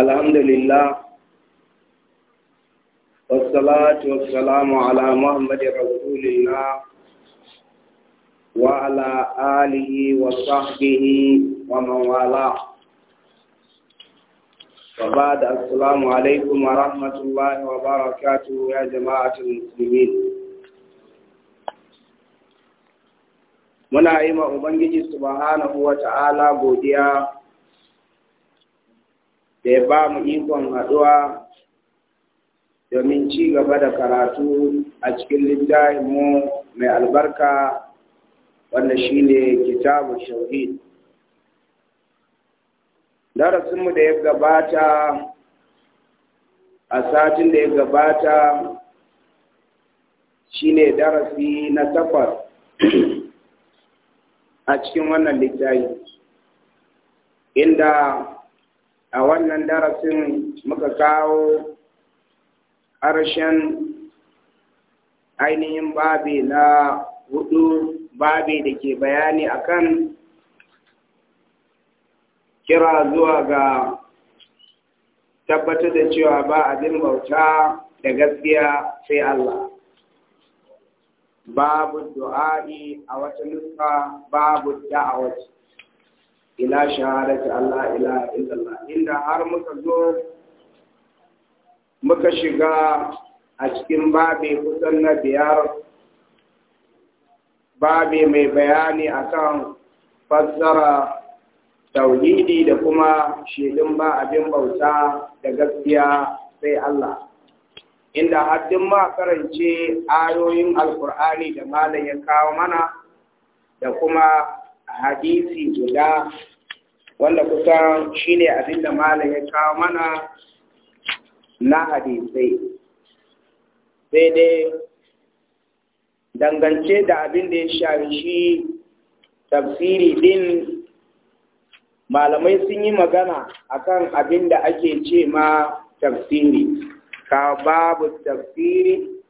الحمد لله والصلاة والسلام على محمد رسول الله وعلى آله وصحبه ومن والاه وبعد السلام عليكم ورحمة الله وبركاته يا جماعة المسلمين muna yi ma Ubangiji subhanahu wa ta'ala godiya da ya ba mu ikon haɗuwa domin ci gaba da karatu a cikin littafinmu mai albarka wanda shi ne kitabu shauhid darasinmu da ya gabata a satin da ya gabata shi ne darasi na takwas a cikin wannan littafi inda a wannan darasin muka kawo ƙarshen ainihin babi na hudu babi da ke bayani akan kira zuwa ga tabbatar da cewa ba abin bauta da gaskiya sai Allah babu du'a'i a wata nufa babu da'awati ila shahadati Allah ilaha illallah inda har muka zo muka shiga a cikin babi kusan na biyar babi mai bayani akan fassara tauhidi da kuma shaidun ba abin bauta da gaskiya sai Allah inda haddin ma karance ayoyin alkur'ani da malam ya kawo mana da kuma hadisi guda wanda kusan shine abin da malam ya kawo mana na hadisai sai dai dangance da abin da ya shafi shi tafsiri din malamai sun yi magana akan abin da ake ce ma tafsiri ka babu tafsiri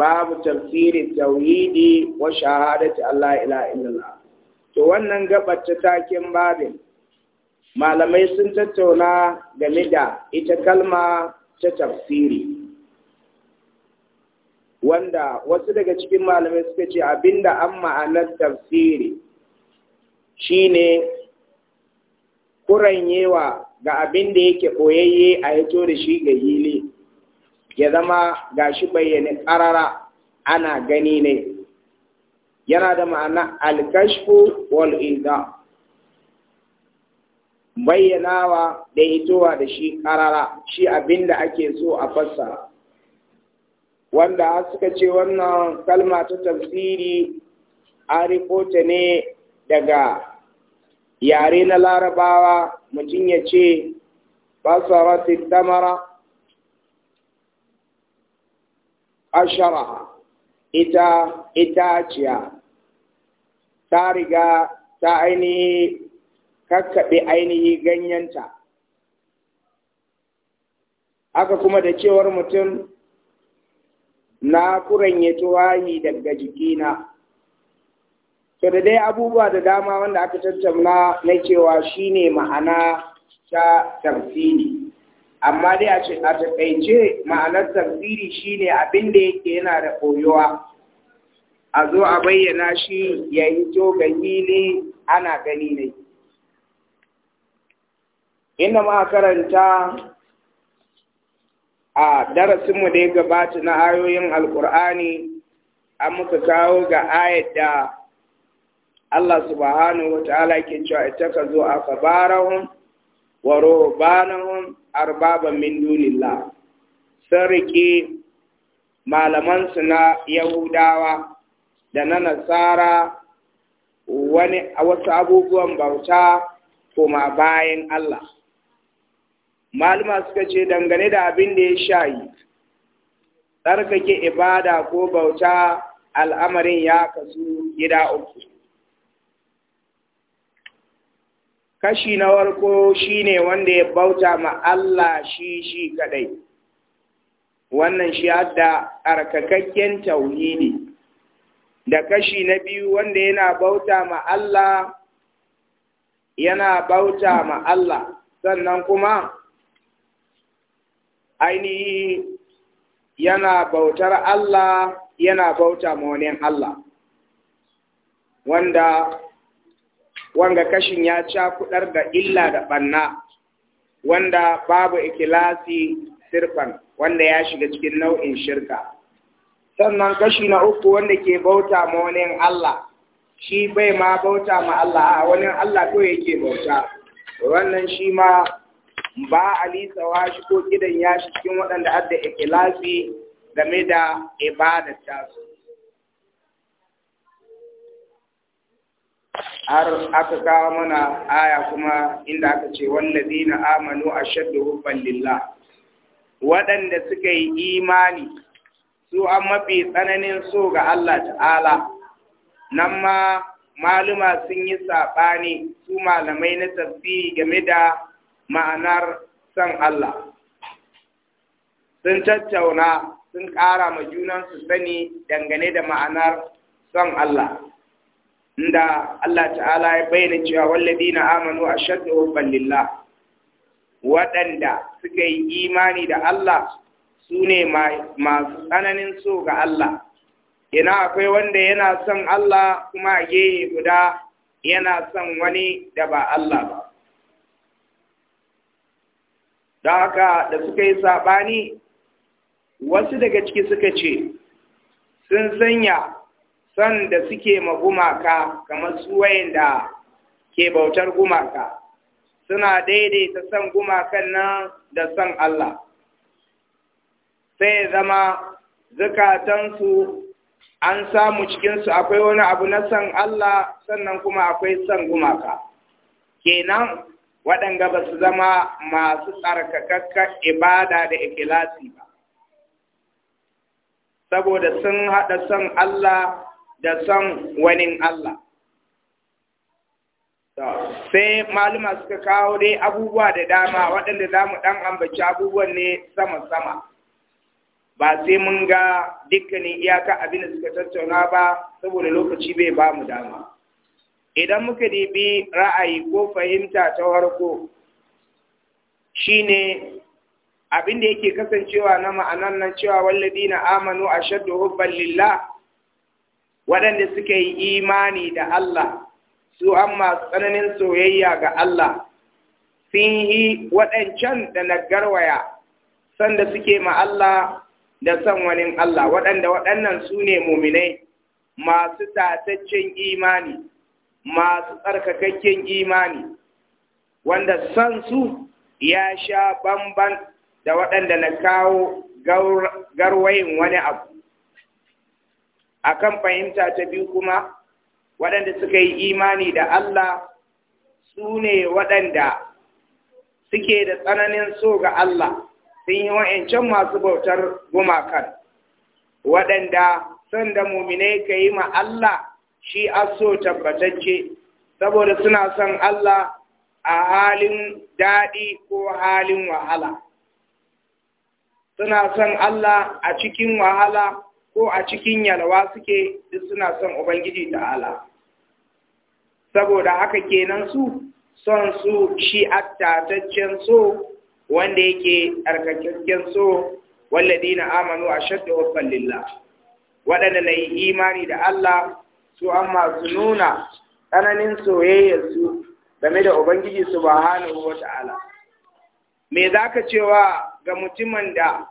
babu tafsiri tauhidi wa shahadati Allah ila illallah to wannan gabar ta takin babin malamai sun tattauna game da ita kalma ta tafsiri wanda wasu daga cikin malamai suka ce abinda an ma'anar tafsiri shine kuranyewa ga abin da yake ɓoyayye a yato da shi ga hili ya zama ga shi bayyane ƙarara ana gani ne yana da ma'ana alkashfu wal inda bayyanawa da hitowa da shi karara shi abinda ake so a fassara wanda suka ce wannan kalma ta tafsiri a rikota ne daga yare na larabawa mutum ya ce basaratin damara ashara ita itaciya ta riga ta ainihi kakkaɓe ainihi ganyenta aka kuma da cewar mutum na ya tuwahi daga jikina to da dai abubuwa da dama wanda aka tattauna na cewa shine ma'ana ta tarfini amma dai a ce a ma'anar tafsiri shine abin da yake yana da koyowa a zo a bayyana shi ya hito ga hili ana gani ne inda ma karanta a darasinmu da ya gabata na ayoyin alkur'ani an muka kawo ga ayat da Allah subhanahu wa ta'ala ke cewa ita ka zo a kabarahun wa rohobanahun arbaba min dunillah sun riƙe malamansu na yahudawa da na nasara wani a wasu abubuwan bauta kuma bayan Allah malama suka ce dangane da abin da ya shayi tsarkake ibada ko bauta al'amarin ya kasu gida uku kashi na warko shine wanda ya bauta ma Allah shi shi kadai wannan shi hadda arkakakken tauhidi da kashi na biyu wanda yana bauta ma Allah yana bauta ma Allah sannan kuma ainihi yana bautar Allah yana bauta ma wani Allah wanda wanga kashin ya cakudar da illa da banna wanda babu ikilasi sirfan wanda ya shiga cikin nau'in shirka sannan kashi na uku wanda ke bauta ma wani Allah shi bai ma bauta ma Allah a wani Allah ko yake bauta wannan shi ma ba sawa shi ko gidan ya shi cikin waɗanda adda ikilasi game da ibadar tasu har aka kawo mana aya kuma inda aka ce wallazina amanu ashaddu hubban lillah waɗanda suka yi imani su an mafi tsananin so ga Allah ta'ala nan ma maluma sun yi saɓani su malamai na tafsiri game da ma'anar son Allah sun tattauna sun ƙara ma junansu sani dangane da ma'anar son Allah inda Allah ta'ala ya bayyana cewa walladina amanu ashaddu hubban lillah waɗanda suka yi imani da Allah su ne masu tsananin so ga Allah ina akwai wanda yana son Allah kuma a guda yana son wani da ba Allah ba da haka da suka yi saɓani wasu daga ciki suka ce sun sanya san da suke ma gumaka kamar su da ke bautar gumaka suna daidaita san gumakan nan da san Allah sai zama zukatansu an samu cikinsu akwai wani abu na san Allah sannan kuma akwai san gumaka kenan waɗanga ba su zama masu tsarkakakka ibada da ikilasi ba saboda sun haɗa san Allah da san wani Allah. Sai maluma suka kawo dai abubuwa da dama waɗanda za mu ɗan ambaci abubuwan ne sama-sama. Ba sai mun ga dukkanin iyaka abin da suka tattauna ba saboda lokaci bai ba mu dama. Idan muka dibi ra'ayi ko fahimta ta warko. shi ne abin da yake kasancewa na ma'anan nan cewa wallabi na amanu a shaddu hubban lillah waɗanda suka yi imani da Allah su an masu tsananin soyayya ga Allah sun yi waɗancan da na garwaya sanda suke ma Allah da son wani Allah waɗanda waɗannan su ne muminai masu tataccen imani masu tsarkakakken imani wanda san su ya sha bamban da waɗanda na kawo garwayin wani abu akan fahimta ta biyu kuma waɗanda suka yi imani da Allah su ne waɗanda suke da tsananin so ga Allah sun yi wa'ancan masu bautar gumakan waɗanda son da muminai ka yi ma Allah shi aso tabbatacce saboda suna son Allah a halin daɗi ko halin wahala suna son Allah a cikin wahala ko a cikin yalwa suke duk suna son Ubangiji ala. Saboda haka kenan su son su shi attataccen so wanda yake tsarkakakken so na amanu a shadda wasan lilla. Waɗanda na yi imani da Allah su an masu nuna tsananin soyayyarsu game da Ubangiji hannu wata ta'ala. Me za ka cewa ga mutumin da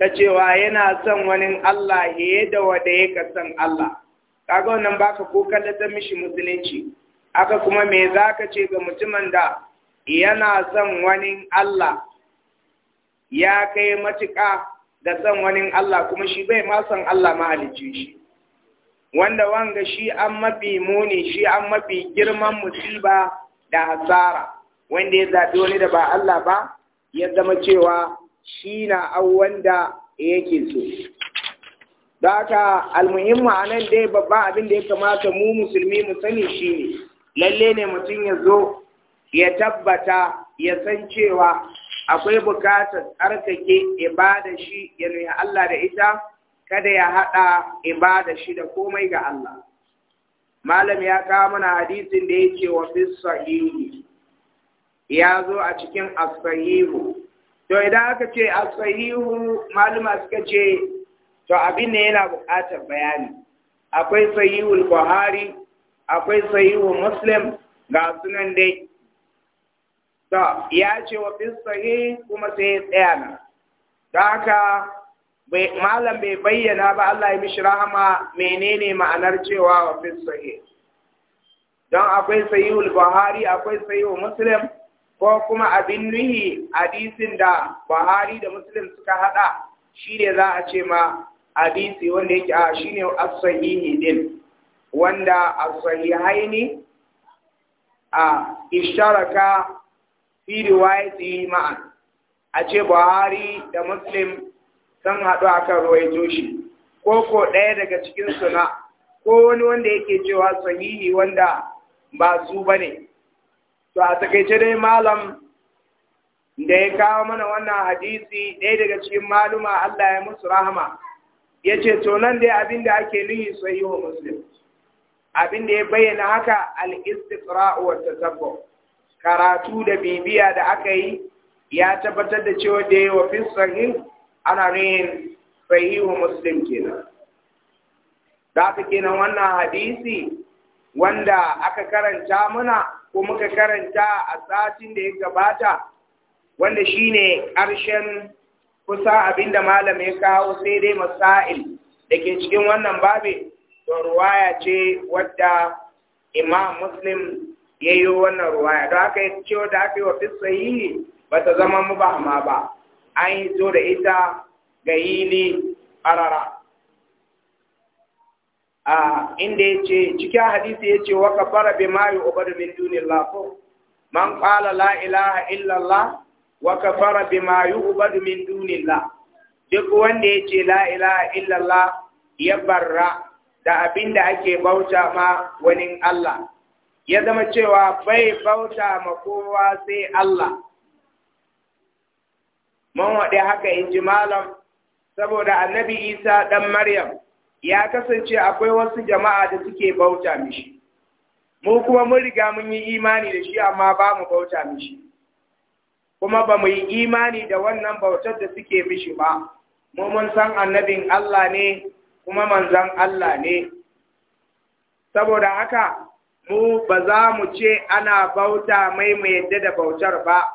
ta cewa yana son wani Allah ya da wanda yake son Allah kaga wannan baka ko ta mishi musulunci aka kuma me zaka ce ga mutumin da yana son wani Allah ya kai matuƙa da son wani Allah kuma shi bai ma son Allah mahalicci shi wanda wanga shi an mafi muni shi an mafi girman musiba da hasara wanda ya zaɓi wani da ba Allah ba ya zama cewa shi na au da yake so da haka almuhimma a dai babban abin da ya kamata mu musulmi mu sani shi ne lalle ne mutum ya zo ya tabbata ya san cewa akwai bukatar tsarkake ibada shi ya nuna Allah da ita kada ya haɗa ibada shi da komai ga Allah malam ya kawo mana hadisin da ya ce wa fi sahihi ya zo a cikin as to idan aka ce a sahihu maluma suka ce to abin ne yana buƙatar bayani akwai sahihul buhari akwai sahihul muslim ga sunan dai to ya ce wa fi kuma sai tsaya na da haka malam bai bayyana ba Allah ya mishi rahama menene ma'anar cewa wa fi don akwai sahihul buhari akwai sahihul muslim ko kuma abin nuhi hadisin da Buhari da Muslim suka hada shi ne za a ce ma hadisi wanda yake a shi ne as-sahihi din wanda as-sahihaini a isharaka fi riwayati ma'an a ce Buhari da Muslim sun haɗu akan ruwaito shi ko ko ɗaya daga cikin suna ko wani wanda yake cewa sahihi wanda ba su bane to a takaice dai malam da ya kawo mana wannan hadisi ɗaya daga cikin maluma Allah ya musu rahama ya ce to nan dai abin da ake nuhi wa muslim abin da ya bayyana haka al’istifra’u istiqrau wa karatu da bibiya da aka yi ya tabbatar da cewa da yawa fi sahih ana nuhin wa muslim kenan Za ta kenan wannan hadisi wanda aka karanta mana ko muka karanta a satin da ya gabata wanda shine ƙarshen kusa abinda malam ya kawo sai dai masail da ke cikin wannan babe to ruwaya ce wadda imam muslim ya yi wannan ruwaya don aka ya ce da aka yi wa ne ba ta zama mu ba an yi zo da ita ga yi ne arara a inda ce cikin hadisi ya fara wa ma yi yu'badu min duniyar lafo man kwala la ilaha waka fara wa ma yi yu'badu min dunillahi duk wanda ya la ilaha illallah ya barra da abin da ake bauta ma wani Allah, ya zama cewa bai bauta ma kowa sai Allah. Mun waɗe haka in ji malam, saboda annabi Isa ɗan Maryam, ya kasance akwai wasu jama'a da suke bauta mishi mu kuma mun riga mun yi imani da shi amma ba mu bauta mishi kuma ba mu yi imani da wannan bautar da suke mishi ba mu mun san annabin Allah ne kuma manzon Allah ne saboda haka mu ba za mu ce ana bauta mai mu yadda da bautar ba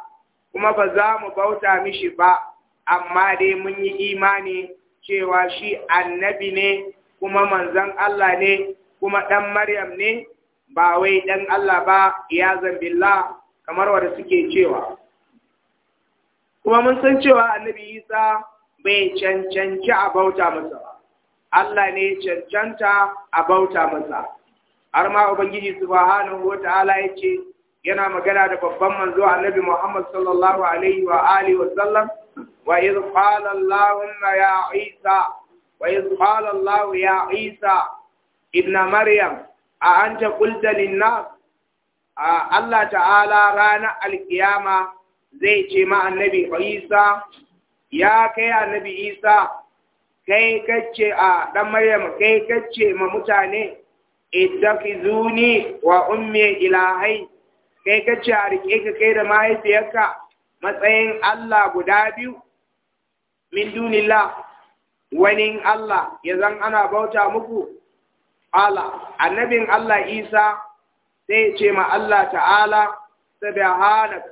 kuma ba za mu bauta mishi ba amma dai mun yi imani cewa shi annabi ne kuma manzan Allah ne kuma ɗan Maryam ne ba wai ɗan Allah ba ya zambilla kamar wanda suke cewa. Kuma mun san cewa annabi Isa bai cancanci a bauta masa ba, Allah ne cancanta a bauta masa. Har ma Ubangiji subhanahu wa ta'ala ya ce, yana magana da babban manzo annabi Muhammad sallallahu alaihi wa alihi wa sallam wa qala Allahumma ya Isa wa iz qala ya Isa ibn Maryam a anta qulta lin-nas Allah ta'ala ranar alkiyama zai ce ma annabi Isa ya kai annabi Isa kai kacce a Maryam kai kacce ma mutane ittakhizuni wa ummi ilahai kai kacce a riƙe ka kai da mahaifiyarka matsayin Allah guda biyu min dunillah wani Allah ya zan ana bauta muku ala annabin Allah Isa sai ce ma Allah ta'ala subhanak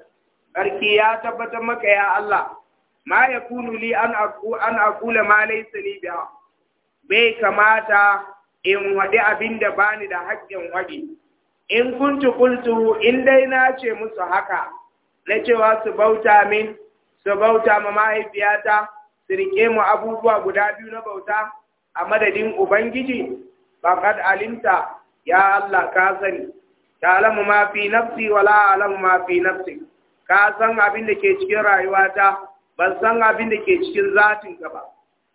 barki ya tabbatar maka ya Allah ma kunu li an aku an ma laysa li biha bai kamata in wadi abin da bani da haƙƙin wadi in kuntu qultu in dai na ce musu haka na cewa su bauta min su bauta ma mahaifiyata su riƙe mu abubuwa guda biyu na bauta a madadin Ubangiji, kad alimta ya Allah ka sani, alamu ma fi nafsi wala alamu ma fi nafsi, ka san abin da ke cikin rayuwata, ban san abin da ke cikin zatin ka ba.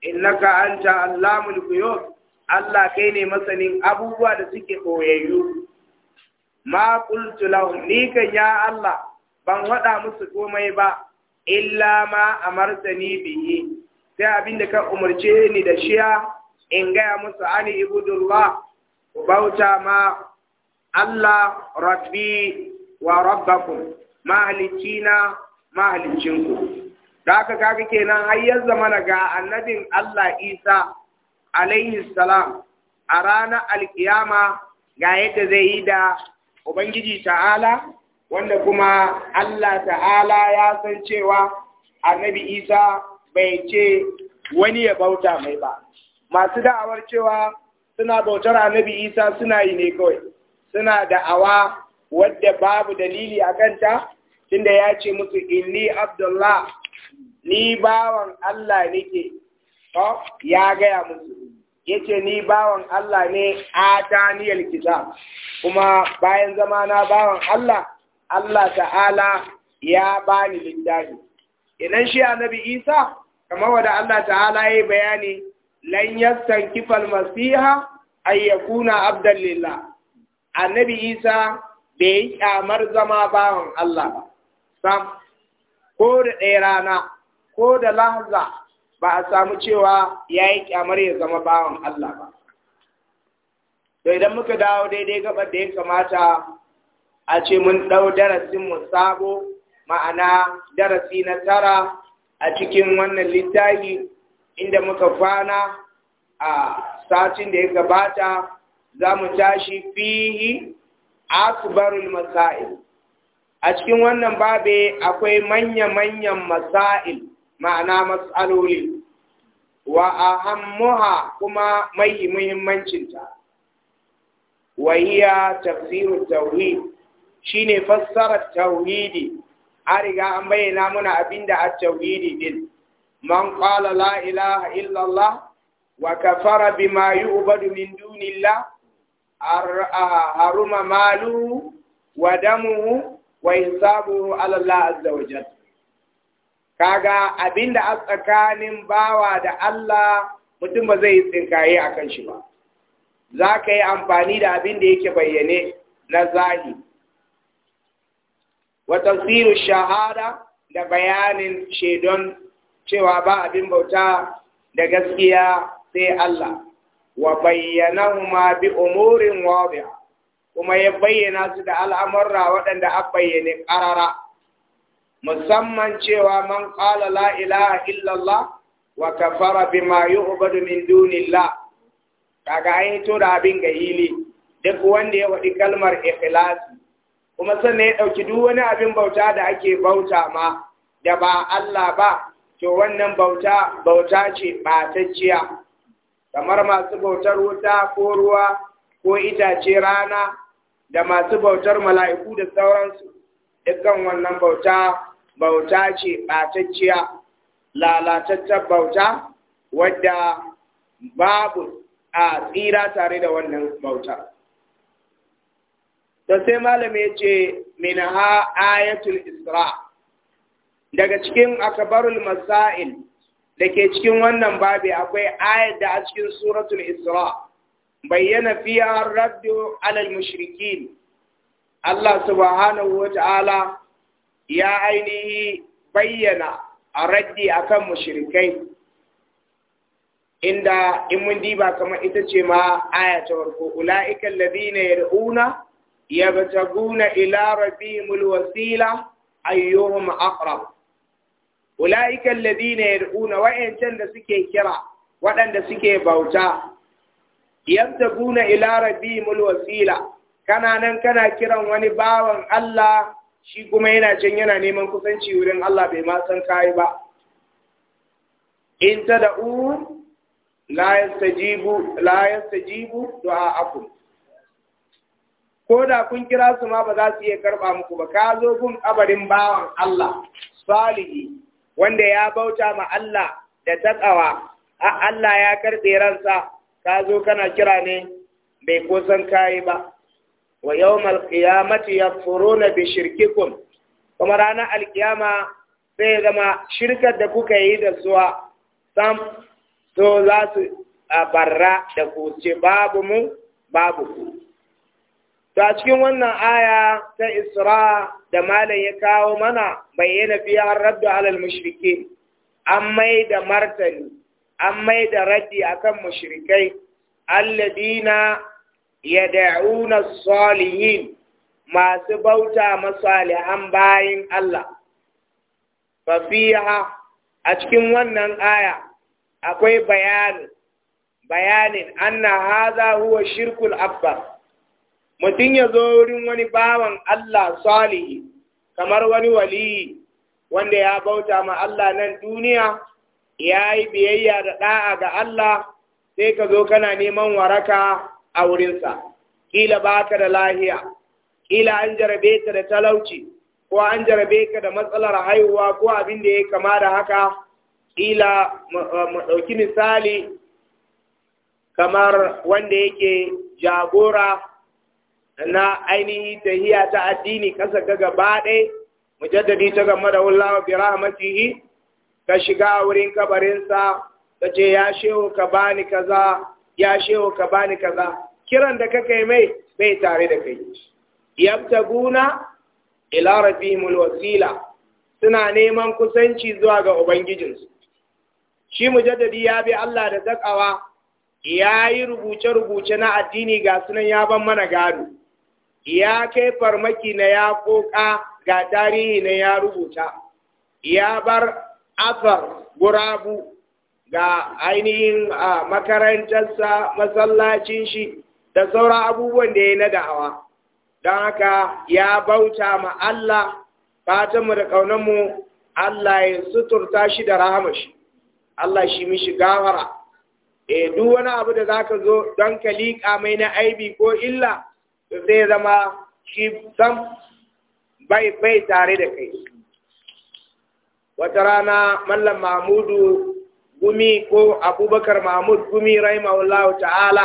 Innaka anta Allahul Quyub, Allah kai ne masanin abubuwa da suke koyayyu. Ma qultu lahum ni ya Allah ban waɗa musu komai ba illa ma amartani bihi sai abin da ka umarce ni da shiya in gaya musu ani ibudullah bauta ma Allah rabbi wa rabbakum mahalicina mahalicinku da aka kaga kenan har ya zamana ga annabin Allah Isa alaihi salam a ranar alkiyama ga yadda zai yi da Ubangiji ta'ala wanda kuma Allah ta'ala ya san cewa annabi Isa bai ce wani ya bauta mai ba masu da'awar cewa suna bautar annabi isa suna yi ne kawai suna da'awa wadda babu dalili a kanta tunda ya ce musu inni abdullah ni bawan Allah nake to ya gaya musu yace ni bawan Allah ne a Daniyal kisa, kuma bayan zama na bawan Allah Allah ta'ala ya bani littafi idan shi annabi Isa kamar wada Allah ta'ala yi bayani lan kifal masiha ay yakuna abdan lillah annabi Isa bai yi kyamar zama bawan Allah ba sam ko da ɗaya rana ko da lahza ba a samu cewa yayi yi kyamar ya zama bawan Allah ba to idan muka dawo daidai gabar da ya kamata a ce mun dau darasin mu sabo ma'ana darasi na tara a cikin wannan littafi inda muka fana a satin da ya gabata za mu tashi fihi akbarul masail a cikin wannan babe akwai manya-manyan masail ma'ana matsaloli wa ahammuha kuma mai muhimmancinta wa hiya tafsirut tauhid shine fassarar tauhidi ariga riga an bayyana muna abinda a tawhidi din man qala la ilaha illallah wa kafara bima yu'badu min dunillah haruma malu, wa damu wa hisabuhu ala Allah azza wa jalla kaga abinda a tsakanin bawa da Allah mutum ba zai tsinkaye akan shi ba za ka yi amfani da abin da yake bayyane na zahiri wa tafsiru shahada da bayanin shaidon cewa ba abin bauta da gaskiya sai Allah wa bayyanahuma bi umurin wadi'a kuma ya bayyana su da al'amurra waɗanda a bayyane ƙarara, musamman cewa man ƙala la ilaha illallah wa kafara bi ma yi min dunillah, kaga aini to da abin gahili, duk wanda ya waɗi kalmar ikhlasi kuma sannan ya ɗauki duk wani abin bauta da ake bauta ma da ba Allah ba to wannan bauta bauta ce ɓatacciya kamar masu bautar wuta ko ruwa ko itace rana da masu bautar mala'iku da sauransu dukkan wannan bauta bauta ce ɓatacciya lalatattar bauta wadda babu a tsira tare da wannan bauta. da sai malami ya ce ayatul isra daga cikin akabarul masail da ke cikin wannan babi akwai ayat da a cikin suratul isra bayyana fiya raddu alal mushrikin Allah subhanahu wa ta'ala ya ainihi bayyana a raddi akan mushrikai inda in mun diba kamar ita ce ma aya ko farko ula'ikal yaruna يبتغون إلى ربهم الوسيلة أيهم أقرب أولئك الذين يدعون وإن تند سكي كرا وإن سكي بوتا يبتغون إلى ربهم الوسيلة كان أنا كان كرا ونباوا الله shi kuma yana can yana neman kusanci wurin Allah bai ma san kai ba in tad'u la yastajibu la yastajibu du'a'akum ko da kun kira su ma ba za su iya karba muku ba ka zo kun kabarin bawan Allah salihi wanda ya bauta ma Allah da takawa a Allah ya karbe ransa ka zo kana kira ne bai kusan kayi ba wa yawmal qiyamati yafuruna bi shirkikum kuma ranar alkiyama sai zama shirkar da kuka yi da suwa sam so za su barra da ku ce babu mu babu ku To a cikin wannan aya ta Isra da Malam ya kawo mana bayyana fiye an raddu alal mushrike, an maida martani, an mai da raddi akan mushrikai, alladina ya da'una salihin masu bauta masalihan bayan Allah. Fafiya a cikin wannan aya akwai bayanin, bayanin anna haza huwa shirkul Abba. mutum ya zo wurin wani bawan Allah salihi kamar wani waliyi wanda ya bauta ma Allah nan duniya ya yi biyayya da ɗa'a ga Allah sai ka zo kana neman waraka a wurinsa ƙila ba ka da lahiya ƙila an jarabe ka da talauci ko an jarabe ka da matsalar haihuwa ko abin da ya kama da haka ƙila eh, mu ɗauki misali kamar wanda yake jagora na ainihi hiya ta addini kasa ga gaba ɗaya mujaddadi ta game da wallawa bi rahmatihi ka shiga wurin kabarinsa ka ce ya shehu ka bani kaza ya shehu ka bani kaza kiran da ka mai bai tare da kai yabtaguna ila rabbihimul wasila suna neman kusanci zuwa ga ubangijinsu shi mujaddadi ya bi Allah da takawa ya yi rubuce-rubuce na addini ga sunan ya ban mana gado ya kai farmaki na ya koka ga tarihi na ya rubuta ya bar asar gurabu ga ainihin a makarantarsa masallacin shi da sauran abubuwan da ya na da'awa don haka ya bauta ma Allah fatanmu da kaunanmu Allah ya suturta shi da rahama shi Allah shi mishi gawara e eh, duk wani abu da za ka zo don ka liƙa mai na aibi ko illa to zama shi sam bai bai tare da kai wata rana mallam mahmudu gumi ko abubakar mahmud gumi rahimahullahu ta'ala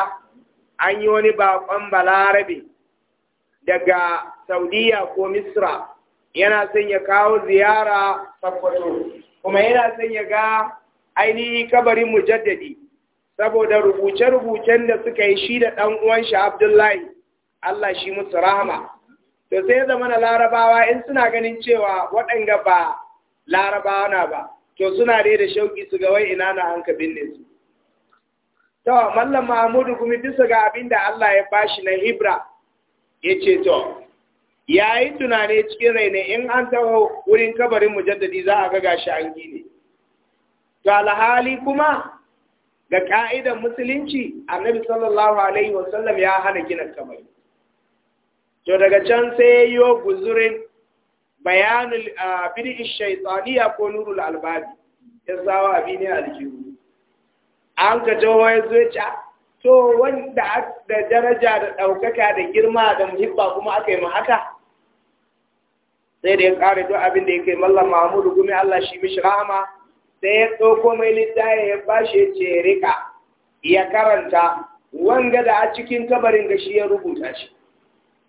an yi wani bakon balarabe daga saudiya ko misra yana son ya kawo ziyara tabbato kuma yana son ya ga ainihi kabarin mujaddadi saboda rubuce-rubucen da suka yi shi da ɗan uwan shi abdullahi Allah shi musu rahama to sai ya zama larabawa in suna ganin cewa waɗanga ba larabawa na ba to suna dai da shauƙi su ga wai ina na hanka binne su to mallam mahmudu kuma bisa ga abin da Allah ya bashi na hibra ya ce to ya yi tunani cikin raina in an taho wurin kabarin mujaddadi za a ga gashi an gine to alhali kuma ga ka'idan musulunci annabi sallallahu alaihi wasallam ya hana gina kabari to daga can sai ya yi guzurin bayanul bid'i shaytaniya ko nurul albabi ya sawa abin ne aljihu an ka jawo ya zo ya ah, to wanda da daraja da ɗaukaka da girma da muhibba kuma aka yi mu haka sai da ya ƙara duk abin da ya kai mallam mahmudu gumi allah shi mishi rahama sai ya ko mai Littaya ya bashi ya ce rika ya karanta wanga da a cikin kabarin gashi shi ya rubuta shi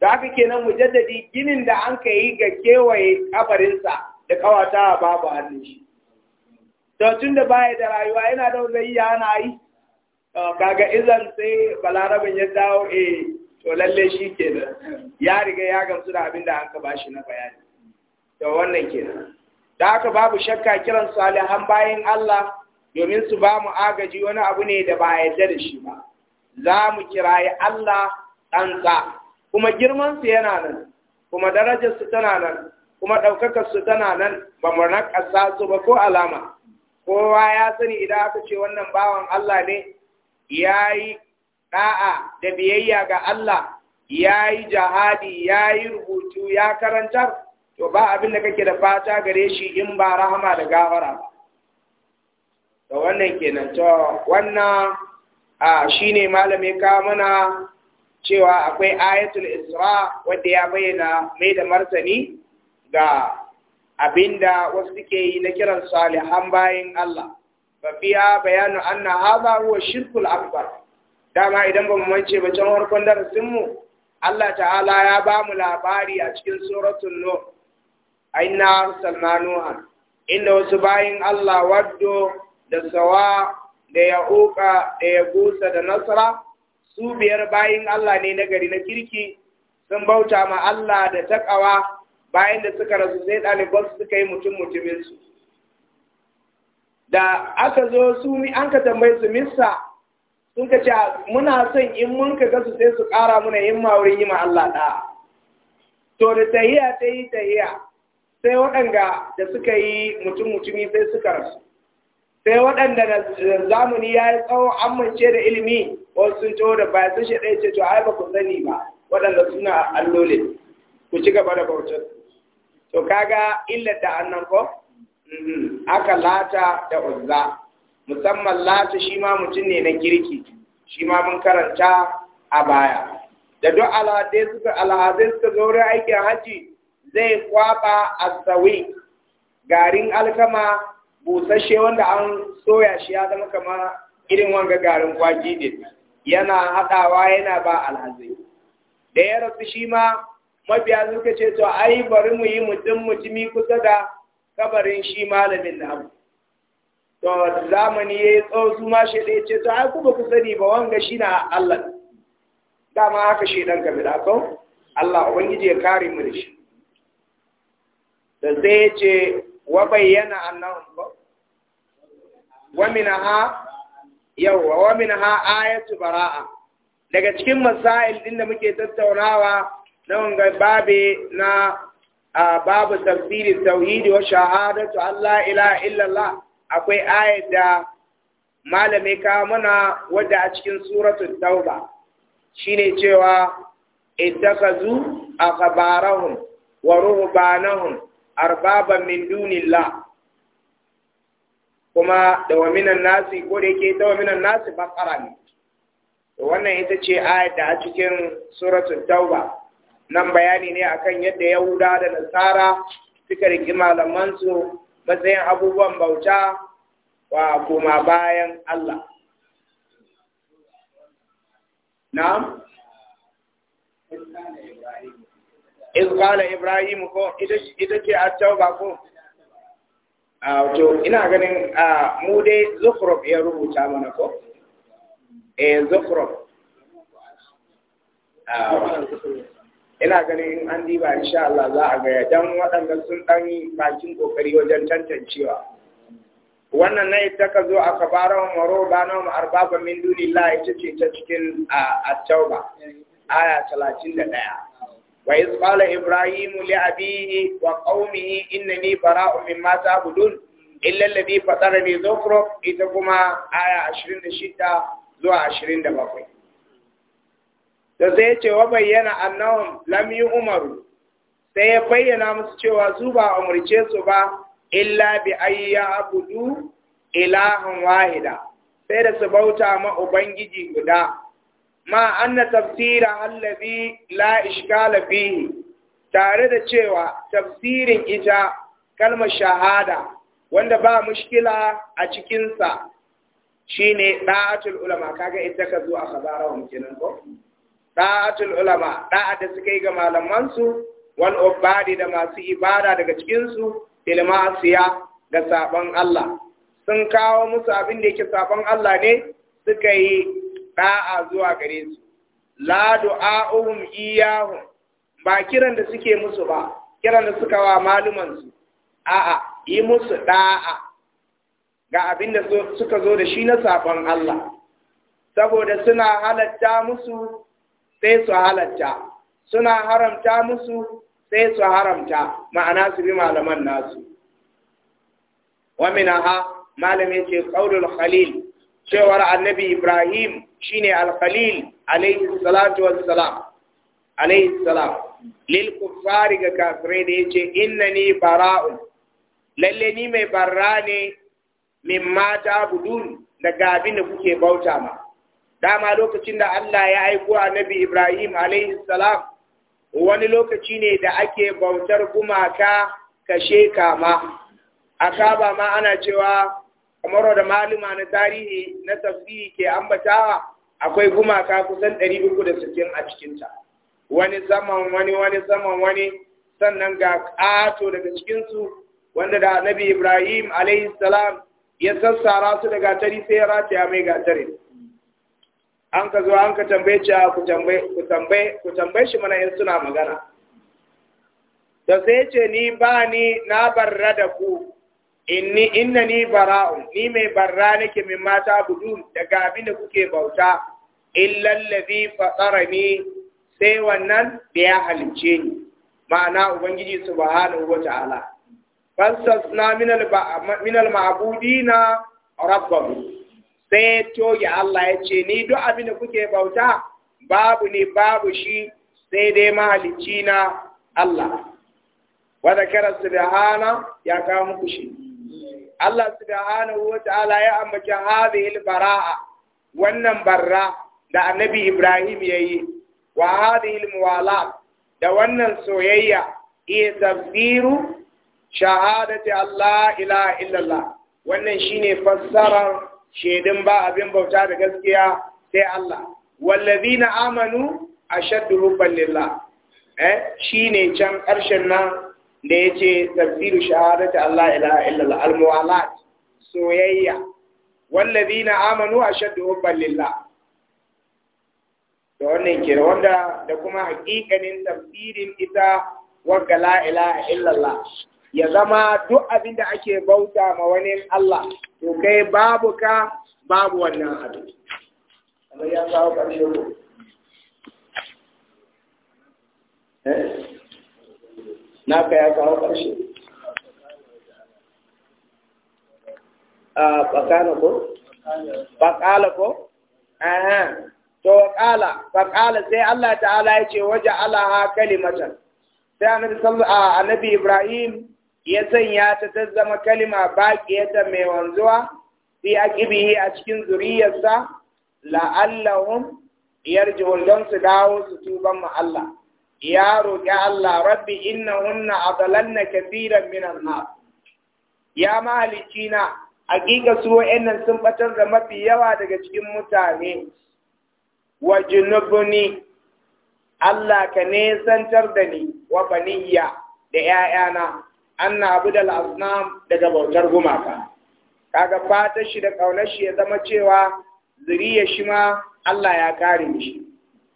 da haka kenan mujaddadi ginin da an ka yi ga kewaye kabarinsa da kawata babu hannun shi to tun da baya da rayuwa yana da zai ya yana yi kaga izan sai balarabin ya dawo eh, to lalle shi kenan ya riga ya gamsu da abin da an ka bashi na bayani to wannan kenan da haka babu shakka kiran salihan bayan Allah domin su ba mu agaji wani abu ne da ba yadda da shi ba za mu kirayi Allah ɗansa kuma girmansu yana nan kuma darajarsu tana nan kuma ɗaukakarsu tana nan ba mu naƙasa su ba ko alama kowa ya sani idan aka ce wannan bawan Allah ne ya yi ɗa'a da biyayya ga Allah ya yi jihadi ya yi rubutu ya karantar to ba abin da kake da fata gare shi in ba rahama da gafara ba to wannan kenan to wannan a shine malami ka mana cewa akwai ayatul isra wanda ya bayyana mai da martani ga abinda wasu suke yi na kiran salihan bayan Allah fa fiya bayanu anna hadha huwa shirkul akbar dama idan ba mu mance ba can farkon darasin mu Allah ta'ala ya ba mu labari a cikin suratul nur aina arsalna nuha inda wasu bayin Allah waddo da sawa da uka da ya gusa da nasara su biyar bayin Allah ne na gari na kirki sun bauta ma Allah da takawa bayan da suka rasu sai ɗaliban suka yi mutum mutumin su da aka zo su ni an ka tambayi su missa sun ka ce muna son in mun ka gasu sai su ƙara muna yin wurin yi ma Allah ɗaya to da tahiya ta yi tahiya sai waɗanda da suka yi mutum mutumi sai suka rasu sai waɗanda da zamani ya yi tsawo amince da ilimi wasu sun taho da baya sun ɗaya ce to ai ba ku sani ba waɗanda suna allolin ku ci gaba da bautar to kaga illata annan ko mm-hmm. aka lata da uzza musamman lata shi ma mutum ne na girki, shi ma mun karanta a baya da duk alhazai suka alhazai suka zo wurin aikin hajji zai kwaba asawi garin alkama busasshe wanda an soya shi ya zama kamar irin wanga garin kwaji ne. yana haɗawa yana ba alhazai da ya rasu shi ma mabiya suka ce to ai bari mu yi mutum mutumi kusa da kabarin shi malamin abu. to zamani ya yi tsawo su ma shi ɗaya ce to ai kuma ku sani ba wanga shi na Allah dama haka shi ɗan kabila ko Allah ubangiji ya kare mu da shi da zai ce wa bayyana annahu wa min ha Yau, wa min ha ayatu bara'a daga cikin masail din da muke tattaunawa na wanga babe na babu tafsiri tauhidi wa shahadatu Allah illa illallah akwai ayat da malame ka mana wadda a cikin suratul tauba shine cewa ittakazu akhbarahum wa ruhbanahum arbaban min dunillah kuma da waminan nasi ko da yake ta waminan nasi bakara ne wannan ita ce ayat da a cikin suratul tauba nan bayani ne akan yadda yahuda da nasara suka riki su, matsayin abubuwan bauta wa kuma bayan Allah na'am ibrahim ko ita ce at-tauba ko Ah, to ina ganin ah, mu dai zukhruf ya rubuta mana ko eh zukhruf ah, ina ganin an diba insha Allah za a gaya Don waɗanda sun ɗan yi bakin ƙoƙari wajen tantancewa wannan na ita ka zo a kabaran maro bana mu arbaba min la'a ita ce ta cikin a tauba aya ɗaya. wa iz qala ibrahimu li abihi wa qaumihi mata bara'u mimma ta'budun illa alladhi fatarani ita kuma aya shida zuwa ashirin da sai ce wa bayyana annahum lam umaru sai ya bayyana musu cewa su ba umarce su ba illa bi ayya abudu ilahan wahida sai da su bauta ma ubangiji guda ma anna hal allazi la ishkala fihi tare da cewa tafsirin ita kalma shahada wanda ba mushkila a cikinsa shine da'atul ulama kaga ita ka zo a khazarahum kenan ko da'atul ulama da'a da suka yi ga malamansu wal ubadi da masu ibada daga cikinsu ilma asiya da sabon Allah sun kawo musu abin da yake sabon Allah ne suka yi da'a zuwa gare su la du'a'uhum iyahum ba kiran da suke musu ba kiran da suka wa maluman su a'a yi musu da'a ga abin da suka zo da shi na sabon Allah saboda suna halatta musu sai su halatta suna haramta musu sai su haramta ma'ana su bi malaman nasu wa minaha malamin ce qaulul khalil cewar annabi Ibrahim shine alkhalil alayhi salatu wassalam alayhi salam lil kuffari ga kafirai da yace innani bara'un lalle ni mai barra ne min mata budun daga abin da kuke bauta ma dama lokacin da Allah ya aiko annabi Ibrahim alayhi salam wani lokaci ne da ake bautar gumaka kashe kama akaba ma ana cewa kamar da maluma na tarihi na tafsiri ke ambatawa akwai gumaka kusan 360 a cikinta wani zaman wani wani zaman wani sannan ga ƙato daga cikinsu wanda da nabi ibrahim salam ya sassara su da gatari sai ya rataya mai gatari an ka zo an ka tambaye cewa ku tambaye shi mana in suna magana da sai ce ni ba ni na barra da ku inni ni bara'u ni mai barra nake min mata budu daga abin da kuke bauta illa allazi fatarani sai wannan da ya halice ni ma'ana ubangiji subhanahu ta'ala fasasna min al min ma'budina rabbahu sai toge Allah ya ce ni duk abin da kuke bauta babu ne babu shi sai dai mahalicci na Allah wa zakara subhana ya kawo muku shi Allah subhanahu wa ta'ala ya ambaci hadhihi al-bara'a wannan barra da annabi Ibrahim yayi wa hadhihi al-muwala da wannan soyayya iya tafsiru shahadati Allah ilaha illallah wannan shine fassarar shedin ba abin bauta da gaskiya sai Allah wallazina amanu ashaddu hubban lillah eh shine can ƙarshen nan da ya ce tafsiru shahadata Allah ilaha al-muwalat soyayya wallazina amanu ashaddu hubban lillah da wannan kira wanda da kuma hakikanin tafsirin ita wa la ilaha Allah ya zama duk abin da ake bauta ma wani Allah to kai babu ka babu wannan abu kamar ya kawo ƙarshe ko eh naka ya kawo ƙarshe ah, a ko ko aha to wakala bakala sai Allah ta'ala ya ce waje ha kalimatan sai annabi a ah, annabi Ibrahim ya sanya ta ta zama kalima baƙiyata mai wanzuwa fi ƙibihi a cikin zuriyarsa la'allahun yarji'un don su dawo su tuban ma Allah ya roƙi Allah rabbi innahunna adallanna kathiran minan nas ya mahalici na hakika su wa'annan sun batar da mafi yawa daga cikin mutane wa junubuni Allah ka nesantar da ni wa baniya da ‘ya'yana, an na asnam da daga bautar gumaka. Kaga fata shi da kaunar shi ya zama cewa zuriya shi ma Allah ya kare shi.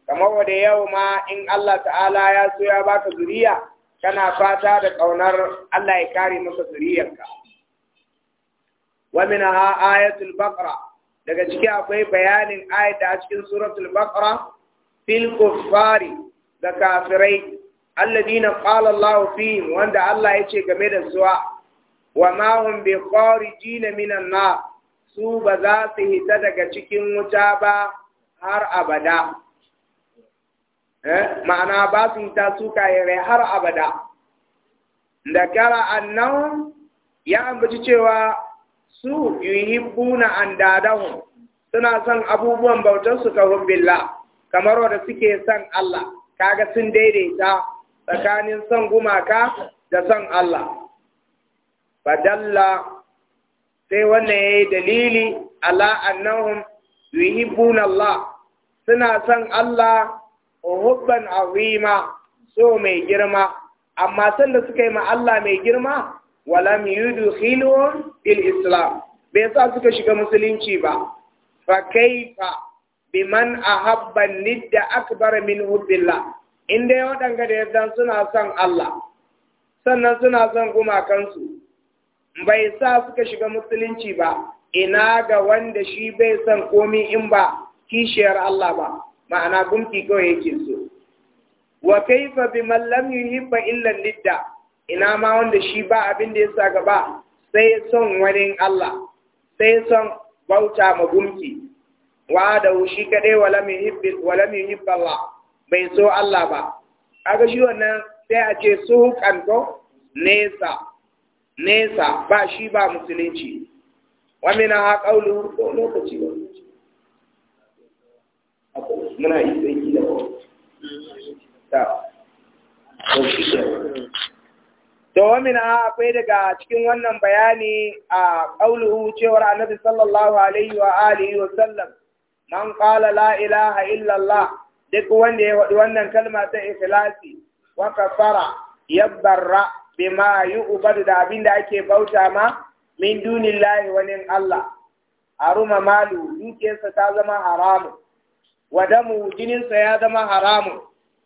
kamar wada yau ma in Allah ta'ala ya so ya baka zuriya kana fata da ƙaunar Allah ya kare maka zuriyarka wa ha ayatul baqara daga ciki akwai bayanin ayata a cikin suratul baqara fil kuffari da kafirai alladina qala Allah fi wanda Allah ya ce game da zuwa wa ma hum bi kharijin minan nar su ba za su hita daga cikin wuta ba har abada Eh? ma'ana ba su ta su kayare har abada da kara annan ya ambaci cewa su An-Dadahu suna son abubuwan bautar su ka hubbillah kamar wanda suke son Allah kaga sun daidaita tsakanin son gumaka da son Allah fadalla sai wannan yi dalili ala annahum yuhibbuna Allah suna son Allah hubban azima so mai girma amma sanda suka yi ma Allah mai girma walam yudkhiluhum fil islam bai sa suka shiga musulunci ba fa kaifa biman ahabba nidda akbar min hubbillah inda ya waɗanga da yadda suna son Allah sannan suna son gumakansu bai sa suka shiga musulunci ba ina ga wanda shi bai son komi in ba kishiyar Allah ba ma'ana gumki kawai yake so wa kaifa bi man lam yuhibba illa lidda ina ma wanda shi ba abin da ya sa gaba sai son wani Allah sai son bauta ma gunki? wa da shi kadai wala mi hibbi wala hibba Allah bai so Allah ba kaga shi wannan sai a ce su kanto nesa nesa ba shi ba musulunci wa min ha ko lokaci ba? muna yi tsaki da ta to akwai daga cikin wannan bayani a ƙauluhu cewar annabi sallallahu alaihi wa alihi wa sallam man qala la ilaha illallah duk wanda ya wadi wannan kalma ta ikhlasi wa kafara yabbarra bima yu'badu da abin da ake bauta ma min dunillahi wa Allah aruma malu dukiyarsa ta zama haramun wadamu damu sa ya zama haramun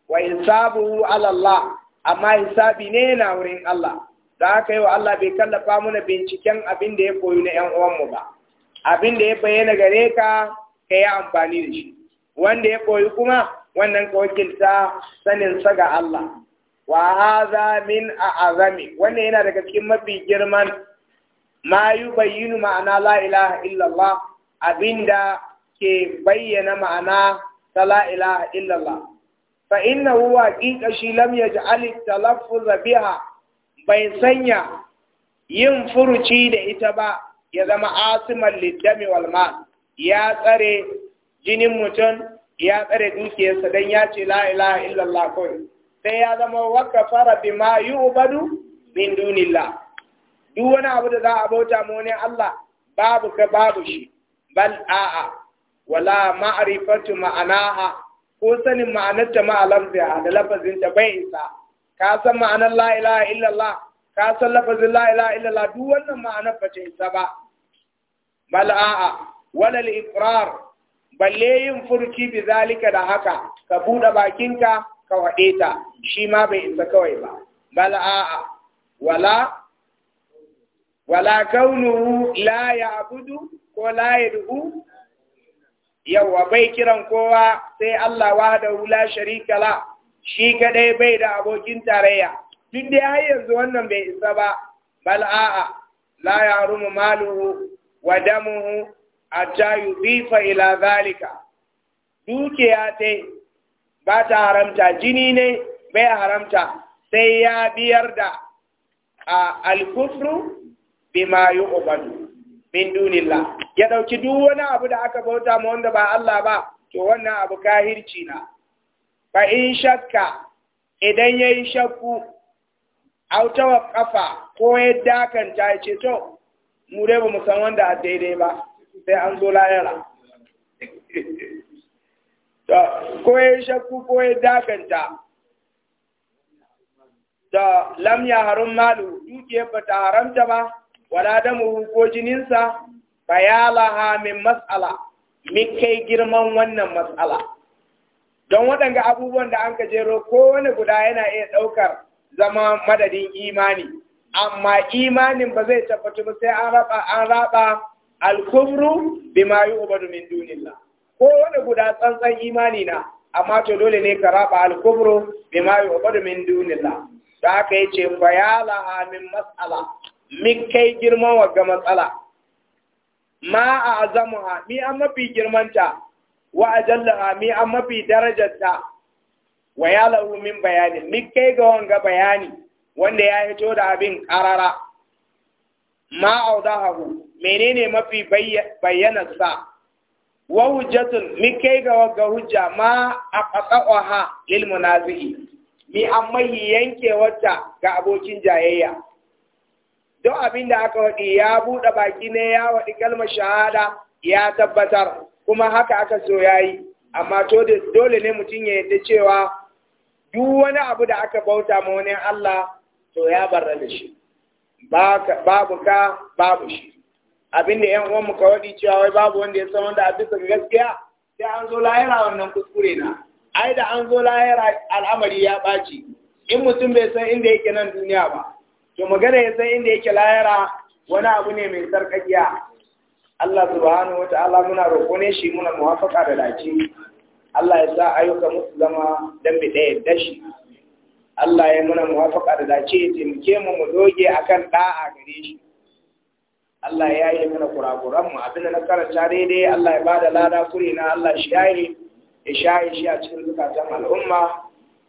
wa hisabu ala Allah amma hisabi ne na wurin Allah da aka yi wa Allah bai kallafa mana binciken abin da ya koyi na ƴan uwanmu ba abin da ya bayyana gare ka ka yi amfani da shi wanda ya koyi kuma wannan ka wakilta sanin sa ga Allah wa hadha min a'azami wannan yana daga cikin mafi girman ma yubayyinu ma'ana la ilaha illallah abinda ke bayyana ma'ana ta la'ilaha illallah fa innahu ƙashi shi lam yaj'al at biha bai sanya yin furuci da ita ba ya zama asimar liddami walma. ya tsare jinin mutum ya tsare dukiyarsa don ya ce la'ilaha illallah kawai sai ya zama ma yi yu'badu min dunilla. duk wani abu da za a bauta ma wani Allah babu ka babu shi bal a'a wala ma'rifatu ma'anaha ko sanin ma'anarta ma lafziha da lafazin ta bai isa ka san ma'anar la ilaha illallah ka san lafazin la ilaha illallah duk wannan ma'anar ba ta isa ba bal a'a wala al-iqrar balle yin furki bi zalika da haka ka bude bakinka ka wade ta shi ma bai isa kawai ba bal a'a wala wala kaunuhu la ya'budu ko la yad'u Yau, wa bai kiran kowa sai Allah wahdahu la sharika la shi kadai bai da abokin tarayya duk da har yanzu wannan bai isa ba bal a'a la ya'rumu maluhu wa damuhu hatta yudifa ila zalika dukiya ta ba ta haramta jini ne bai haramta sai ya biyar da alkufru bima yu'badu min dunilla ya dauki duk wani abu da aka bauta ma wanda ba Allah ba to wannan abu kahirci na fa in shakka idan yayi shakku au tawaqqafa ko ya dakanta ya ce to mu dai ba mu san wanda a daidai ba sai an zo layara to ko ya shakku ko ya dakanta da lam ya harum malu duk ba ta haramta ba wala damu ko jininsa bayalaha min mas'ala Mi kai girman wannan mas'ala don waɗanga abubuwan da an jero wani guda yana iya ɗaukar zama madadin imani amma imanin ba zai tabbatu ba sai an raba an raba alkufru bima yu'badu min dunillah wani guda tsantsan imani na amma to dole ne ka raba al-kufru bima yu'badu min dunillah da aka yace fa ya min mas'ala min kai girman wagga matsala ma a ha, mi an mafi girmanta wa ha, mi an mafi darajarta wa ya lau min bayani mi kai ga wanga bayani wanda ya hito da abin karara ma audahu menene mafi bayyana sa wa hujjatun mi kai ga wagga hujja ma a ha lil munazi'i mi an mahi yanke wata ga abokin jayayya duk abin da aka waɗi ya buɗe baki ne ya waɗi kalmar shahada ya tabbatar kuma haka aka so ya yi amma to dole ne mutum ya yadda cewa duk wani abu da aka bauta ma wani Allah to ya barra da shi babu ka babu shi abin da ƴan uwan muka waɗi cewa wai babu wanda ya san wanda a bisa ga gaskiya sai an zo lahira wannan kuskure na ai da an zo lahira al'amari ya ɓaci in mutum bai san inda yake nan duniya ba to magana ya san inda yake layara wani abu ne mai sarƙaƙiya Allah subhanahu wa ta'ala muna roƙo ne shi muna muwafaka da dace Allah ya sa ayyuka musu zama dan bi ɗaya da shi Allah ya muna muwafaka da dace ya taimake mu mu doge akan da'a gare shi Allah ya yi mana kurakuran mu abinda na karanta daidai Allah ya bada lada kure na Allah shi yayi ya shaye shi a cikin zukatan al'umma